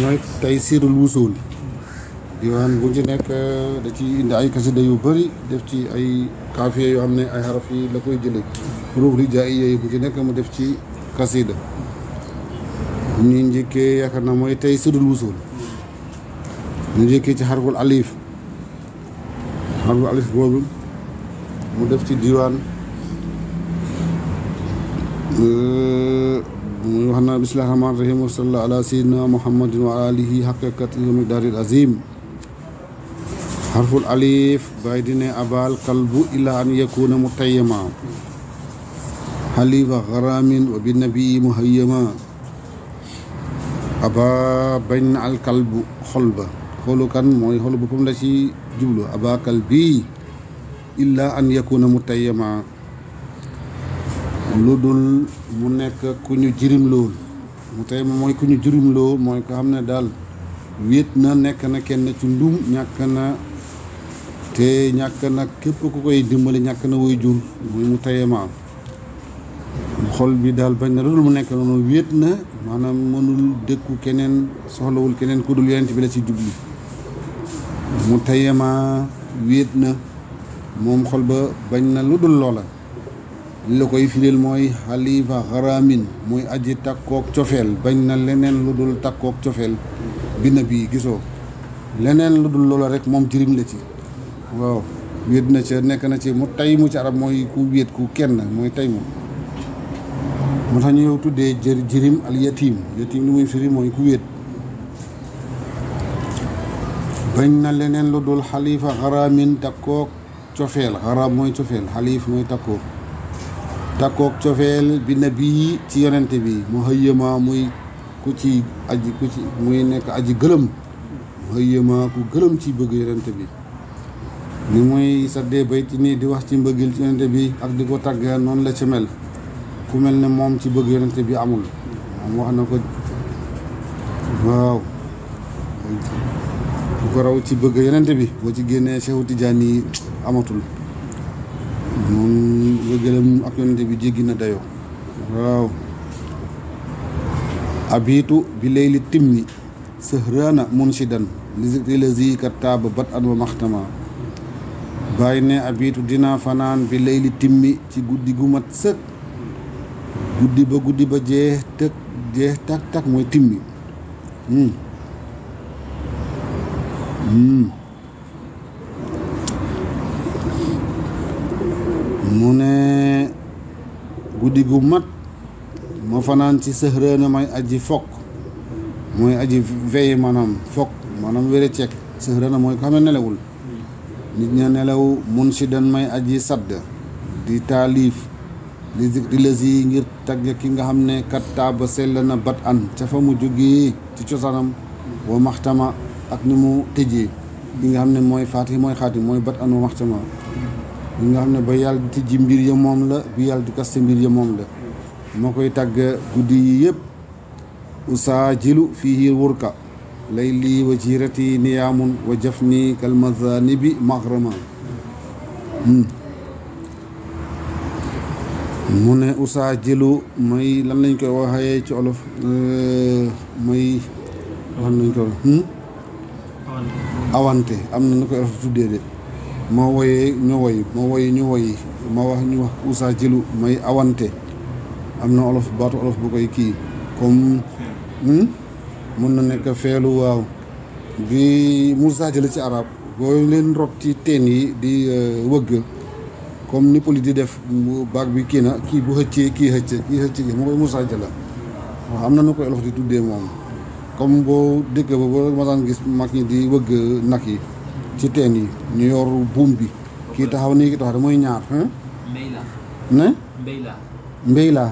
mooy Taysirul Wusul diwaan bu ci nekk eh, da ci indi ay kasida yu bari def ci ay kaafiya yoo xam ne ay xaraf yi la koy jëlee ruux li jaay yooyu bu ci nekk mu def ci kasida ñu njëkkee yaakaar na mooy Taysirul Wusul ñu njëkkee ci xarful alif xarful alif boobu mu def ci diwaan eh, وحنا بسم الله الرحمن الرحيم وصلى الله على سيدنا محمد وعلى آله حق قدره دار العظيم حرف الأليف بعدين أبال قلب إلى أن يكون متيما حليف غرام وبالنبي مهيما أبا بين القلب خلبا خلو كان موي خلو بكم لشي جبلو أبا قلبي إلا أن يكون متيما lu dul mu nekk ku ñu jirimloo lool mu tey mooy ku ñu jirim mooy ko xam ne daal wéet na nekk na kenn ci ndum ñàkk na te ñàkk na képp ku koy dimbali ñàkk na woy jur muy mu teye maam bi daal bañ na lu mu nekk noonu wéet na maanaam mënul dëkku keneen soxlawul keneen ku dul yonent bi la ci jubli mu teye wéet na moom xol ba bañ na lu dul loola li koy firil mooy xalifa xaraamin muy aji takkook cofeel bañ na leneen lu dul takkook cofeel bi bii gisoo leneen lu dul loola rek moom jirim la ci waaw wéet na ca nekk na ci mu tay mu ci arab mooy ku wéet ku kenn mooy tay mu moo tuddee jër jirim al yatim yatim li muy firi mooy ku wéet bañ na leneen lu dul xalifa xaraamin takkook cofeel xaraam mooy cofeel xalif mooy takkook takkook cofeel bi nabi ci yonente bi mu xëyyama muy ku ci aji ku ci muy nekk aji gëlëm mu xëyyama ku gëlëm ci bëgg yonente bi ni muy saddee bayti nii di wax ci mbëggil ci yonente bi ak di ko tàggee noonu la ci mel ku mel ne moom ci bëgg yonente bi amul moom wax na ko waaw bu ko raw ci bëgg yonente bi boo ci génnee Cheikh Tidiane yi amatul moom nga gëlëm ak biji bi jéggi dayo waaw abitu bi layli timni sahrana munshidan li zikri lazi kataba bat an wa maxtama bàyyi abitu dina fanaan bi layli timmi ci guddi gu mat bagudi guddi ba guddi ba tak tak mooy timmi hmm. hmm. Mune guddi gu mat ma fanaan ci sëxrëna may aji fokk mooy aji veye maanaam fokk maanaam wére ceeg sëxrëna mooy ko xam ne nelawul nit ña nelaw mun si dan may aji sadd di taalif di di lës yi ngir tagg ki nga xam ne kat taaba sell na bat an ca fa mu jógee ci cosaanam wa maxtama ak ni mu tëjee ki nga xam ne mooy faati mooy xaati mooy bat an wa maxtama ñi nga xam ne ba yàlla di tijji mbir ya moom la bi yàlla di kaste mbir ya moom la moo koy tàgg guddi yi yëpp usaajilu fii wurka lay lii wa jiirati niyaamun wa jaf ni kalmazani bi magrama hmm. mu ne usaajilu may lan lañ koy waxee ci olof euh, may lan lañ hmm? awante am na na koy olof tuddee de ma woyee ñu woy ma woy ñu woy ma wax ñu wax usa jëlu may awante am na olof baatu olof bu koy kii comme hmm? mun na nekk feelu waaw bi Moussa jële ci arab boo leen rob ci teen yi di euh, wëgg comme ni poli di def baag bi kii na kii bu xëccee kii xëccee kii xëccee gi moo koy Moussa jëla waaw am na nu koy olof di tuddee moom comme boo dëkk ba boo ma daan gis mag ñi di wëgg nag yi ci teen yi ñu yoru buum bi ki taxaw ni ki taxaw moy ñaar hmm? mbeyla ne mbeyla mbeyla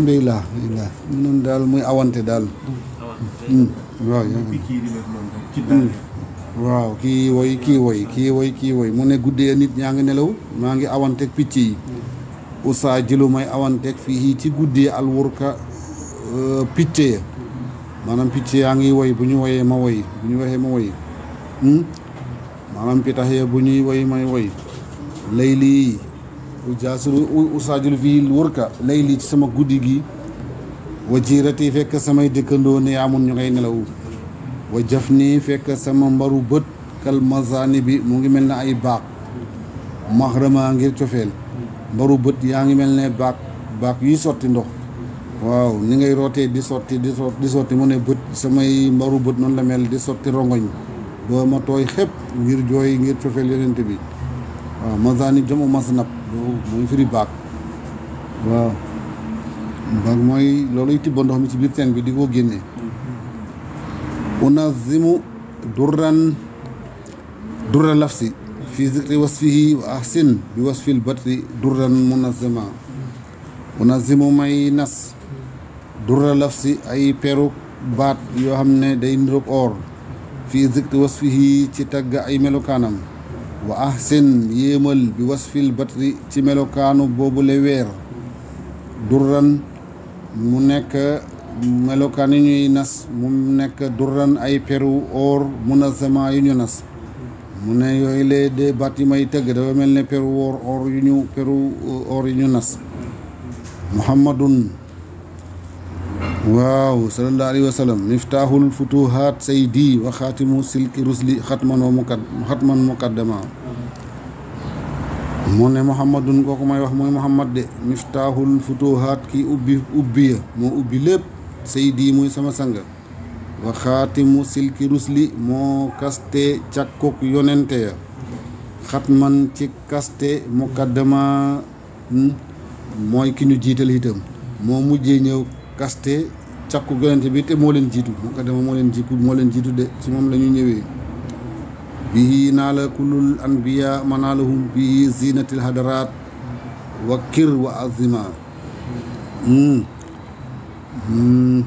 mbeyla mbeyla noonu dal muy awante dal waaw waaw ki woy ki woy ki woy ki woy mu ne guddee nit ñang ngi nelaw maa ngi awante ak yi usa jilu may fi hi ci al alwurka eh, picc ya manam picc ya ngi woy buñu woyé ma woy buñu woyé ma woy Hmm? maanaam pi ya bu ñuy woy may woy layli u jaasuru usaajul fii wurka layli ci sama guddi gi wa jiirati fekk samay dëkkandoo ne amul ñu ngay nelaw wa jëf nii fekk sama mbaru bët kal bi mu ngi mel ne ay baak maxrama ngir cofeel mbaru bët yaa ngi mel ne baak baak yuy sotti ndox waaw ni ngay rootee di sotti di sotti di sotti mu ne bët samay mbaru bët noonu la mel di sotti rongoñ ba ma tooy xëpp ngir jooy ngir cofeel yeneen bi waaw mazanib jamu masnab mooy firi baag baag mooy looluy tibba ndox mi ci biir teen bi di ko génne unazimu durran durra lafsi fi zikri wasfihi wa batri durran munazima unazimu may nas durra lafsi ay peru baat yoo xam ne day niroog or fii zikri wasfihi ci tagg ay melokaanam wa ahsin yéemal bi wasfil batri ci melokaanu boobule weer durran mu nekk melokaan yu ñuy nas mu nekk durran ay peru or munazama yu ñu nas mu ne yooyu lee de baat yi may tëgg dafa mel ne peru or yu ñu peru or yu ñu nas muhammadun waaw sallallahu alayhi wa sallam miftaaxul futuhaat saydi wa xaatimu silki rusli xatman wa mukad xatman mukaddama mu ne muhammadun kooku may wax mooy muhammad de miftaaxul futuhaat ki ubbi ubbi ya moo ubbi lépp saydi muy sama sang wa xaatimu silki rusli moo kaste càkkuk yonente ya xatman ci kaste mukaddama mooy ki ñu jiital itam moo mujjee ñëw kaste càkku yonent bi len moo leen jiitu muqaddama moo leen jiitu moo leen jiitu de ci moom la ñu ñëwee bihi naala kullul anbiya manaalahum bihi zinatil hadaraat wa kir wa azima hmm. Hmm.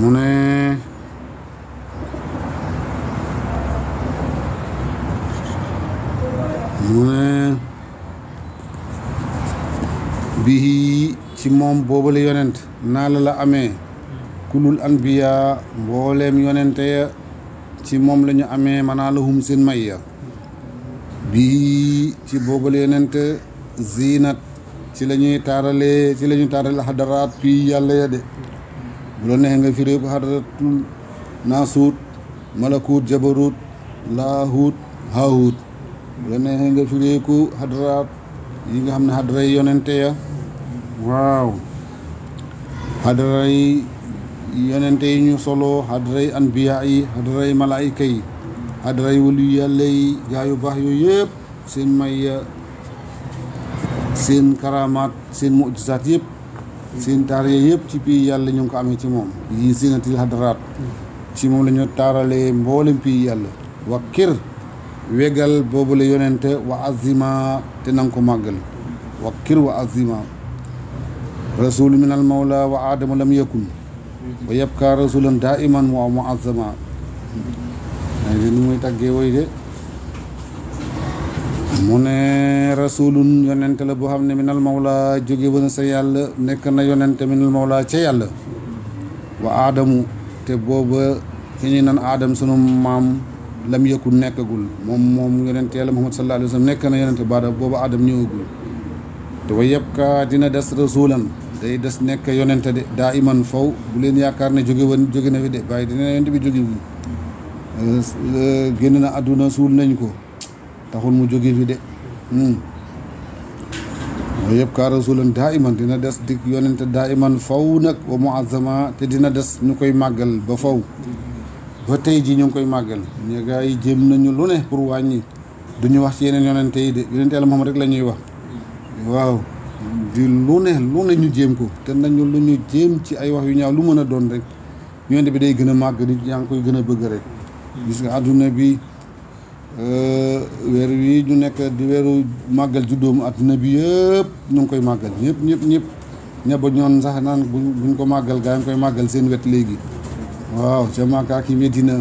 mu ne mu ne bihi ci moom boobale yonent naa la la amee kulul anbiya mbooleem yonente ya ci moom la ñu amee manaa lahum seen may ya bii ci boobale yonente ziinat ci lañuy ñuy taaralee ci la ñuy taaralee xadaraat fii yàlla ya de bu la neexee nga firee ko xadaraat yi nga xam ne xadaray yonente ya waaw xadara yi yi ñu solo xadara yi anbiya yi xadara yi malaayika yi xadara yi waliyu yàlla yi gaa yu baax yooyu yëpp seen may seen karamaat seen mujisaat yëpp seen taariya yëpp ci pii yàlla ñu ngi ko amee ci moom yi seenatil xadaraat ci moom la ñu taaralee mboolem pays yàlla wa kir wegal boobu la yonente wa azima te nanga ko màggal wa kir wa azima rasulu min al mawla wa aadama lam yakun wa yabka rasulan daa iman wa muazzama léegi nu muy tàggee woy de mu ne rasulun yonente la boo xam ne minal mawla jóge wana sa yàlla nekk na yonente minal mawla ca yàlla wa aadamu te booba ki ñuy nan aadam sunu maam lam yëkkul nekkagul moom moom yonente yàlla muhammad sallallahu alayhi wa sallam nekk na yonente baada booba aadam ñëwagul te wa yëpp dina des rasulan day des nekk yonente de daa iman faw bu leen yaakaar na jóge woon jóge na fi de bàyyi dina yonente bi jóge fi génn na àdduna suul nañ ko taxul mu jóge fi de mooy hmm. yëpp kaa rasulan daa iman dina des di yonente daa iman faw nag wa muazzama te dina des ñu koy màggal ba faw ba tey ji ñu ngi koy màggal ñu gaa yi jéem nañu lu ne pour wàññi duñu wax ci yeneen yonente yi de yonente yàlla Muhammad rek la ñuy wax waaw di lu ne lu ne ñu jéem ko te nañu lu ñu jéem ci ay wax yu ñaaw lu mën a doon rek yonent bi day gën a màgg nit ñaa ngi koy gën a bëgg rek gis nga àdduna bi euh, weer wi ñu nekk di weeru màggal juddóomu àdduna bi yëpp ñu ngi koy màggal ñëpp ñëpp ñëpp ñeba ñoon sax naan buñ ko màggal gaa ngi koy màggal seen wet léegi waaw ca Makka ak Medina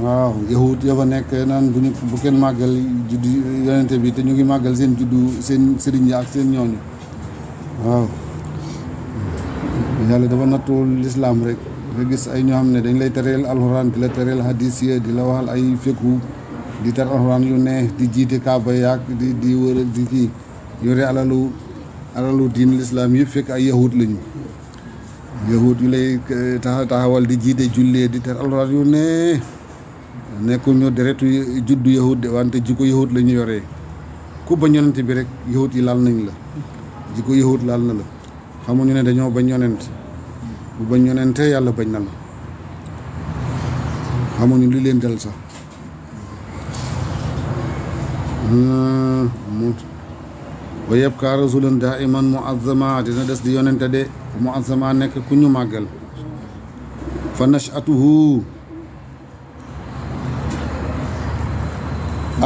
waaw yahut ya fa nekk naan bu ñu bu kenn màggal juddu yonente bi te ñu ngi màggal seen juddu seen sëriñ ak seen ñooñu waaw yàlla dafa nattu lislaam rek nga gis ay ñoo xam ne dañ lay tereel alxuraan di la tereel hadis ya di la waxal ay fekku di tar alxuraan yu neex di jiite kaaba di di di kii yore alalu alalu diin lislaam yëpp fekk ay yahut lañu yahut yu lay eh, taxawal di jiite jullee di tar alxuraan yu neex nekkuñu deretu juddu yahut de wante jikko yahut la ñu yoree ku bañ yonent bi rek yahut yi laal nañ la jikko yahut laal na la xamuñu ne dañoo bañ yonent bu bañ yonente yàlla bañ na la xamuñu li leen dal sax hmm, mu wa yabkaa rasulan daa iman muazzama dina des di yonente de muazzama nekk ku ñu màggal fa nachatuhu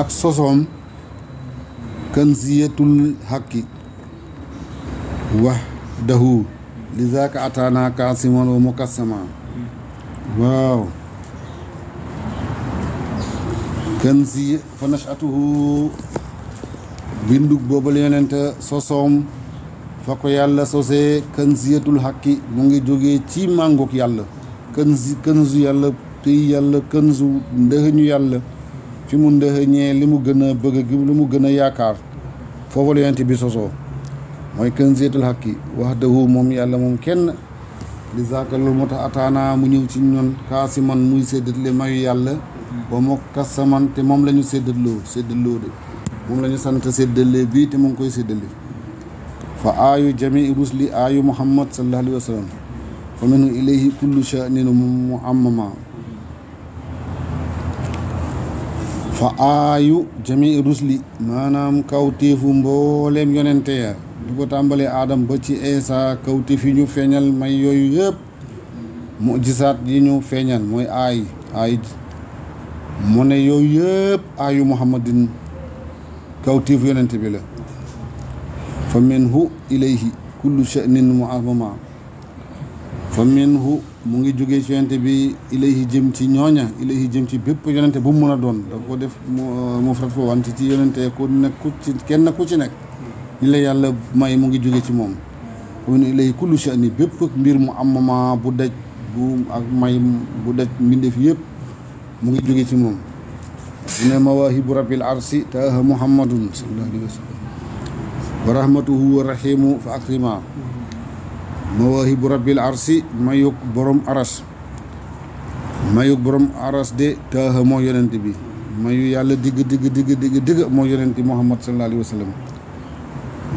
ak sosoom kanziyatul hakki wahdahu lizaaka ataana kaasiman wa mukassama waaw kanziya fa nashatuhu bindug boobu yonente sosoom fa ko yàlla sosee kanziyatul hakki mu ngi jógee ci màngook yàlla kanzi kanzu yàlla tey yàlla kanzu ndëxëñu yàlla fi mu ndëxëñee li mu gën a bëgg li mu gën a yaakaar foofu la yonent bi sosoo mooy Kanzul Haqqi wahdahu moom yàlla moom kenn li zaaka moo tax ataana mu ñëw ci ñun man muy séddatle mayu yàlla ba moo kasaman te moom la ñu séddaloo séddaloo de moom la sant séddale bii te mu ngi koy séddale fa aayu jamii li aayu muhammad sallallahu alayhi wa sallam fa minhu ilayhi kullu sha'nin muammama fa aayu jami rusli maanaam kawtéefu mbooleem yonente ya du ko tàmbalee aadam ba ci eesa kawtéef yi ñu feeñal may yooyu yëpp mujisaat yi ñu feeñal mooy aay aay mu ne yooyu yëpp aayu muhammadin kawtéefu yonente bi la fa minhu ilayhi kullu sha'nin mu'azama fa minhu mu ngi jóge ci bi ilayhi jëm ci ñooña ilayhi jëm ci bépp yonente bu mu mën a doon da ko def mu euh, frat fo wante ci yonente ku nekk ci kenn ku ci nekk ñi yàlla may mu ngi jógee ci moom mun ilayhi kullu sha'ni bépp mbir mu am moment bu daj bu ak may bu daj mbindeef yëpp mu ngi jógee ci moom mu ne mawaahibu rabbil arsi taaha muhammadun sallallahu alayhi wa sallam wa rahmatuhu mawaahibu rabbil arsi mayug borom aras mayug borom aras de taaha moo yonent bi mayu yàlla digg digg digg digg moo yonent bi muhammad sallallahu alayhi wa sallam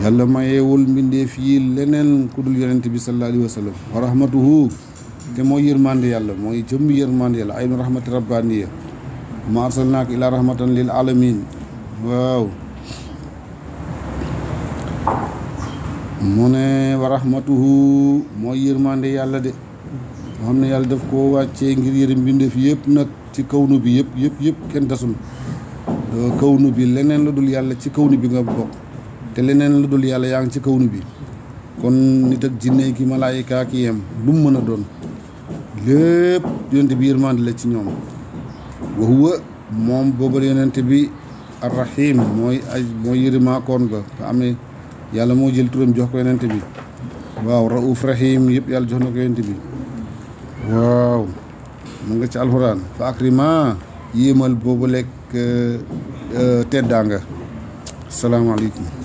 yàlla mayeewul mbindeef yi leneen ku dul yonent bi sallallahu alayhi wa sallam wa rahmatuhu te mooy yërmande yàlla mooy jëmm yërmande yàlla aynu rahmati rabbaniya ma arsalnaaka ilaa rahmatan lil alamin waaw mu ne wa rahmatuhu mooy yërmande yàlla de moo xam ne yàlla def koo wàccee ngir yërëm mbindeef yëpp nag ci kaw nu bi yëpp yëpp yëpp kenn desul euh, kawnu bi leneen la dul yàlla ci kawnu bi nga bokk te leneen la dul yàlla yaa ngi ci kawnu bi kon nit ak jinne ki malaayika ki yem lu mu mën a doon lépp yonent la ci ñoom wa huwa moom boobal yonent bi arrahim mooy ay mooy yërëmaa ba nga amee yàlla moo jël turam jox ko yonent bi waaw raouf rahim yëpp yàlla jox na ko yonent bi waaw mu nga ci alxuraan fa akrima yéemal boobu lekk euh, euh, teddaanga salaamaaleykum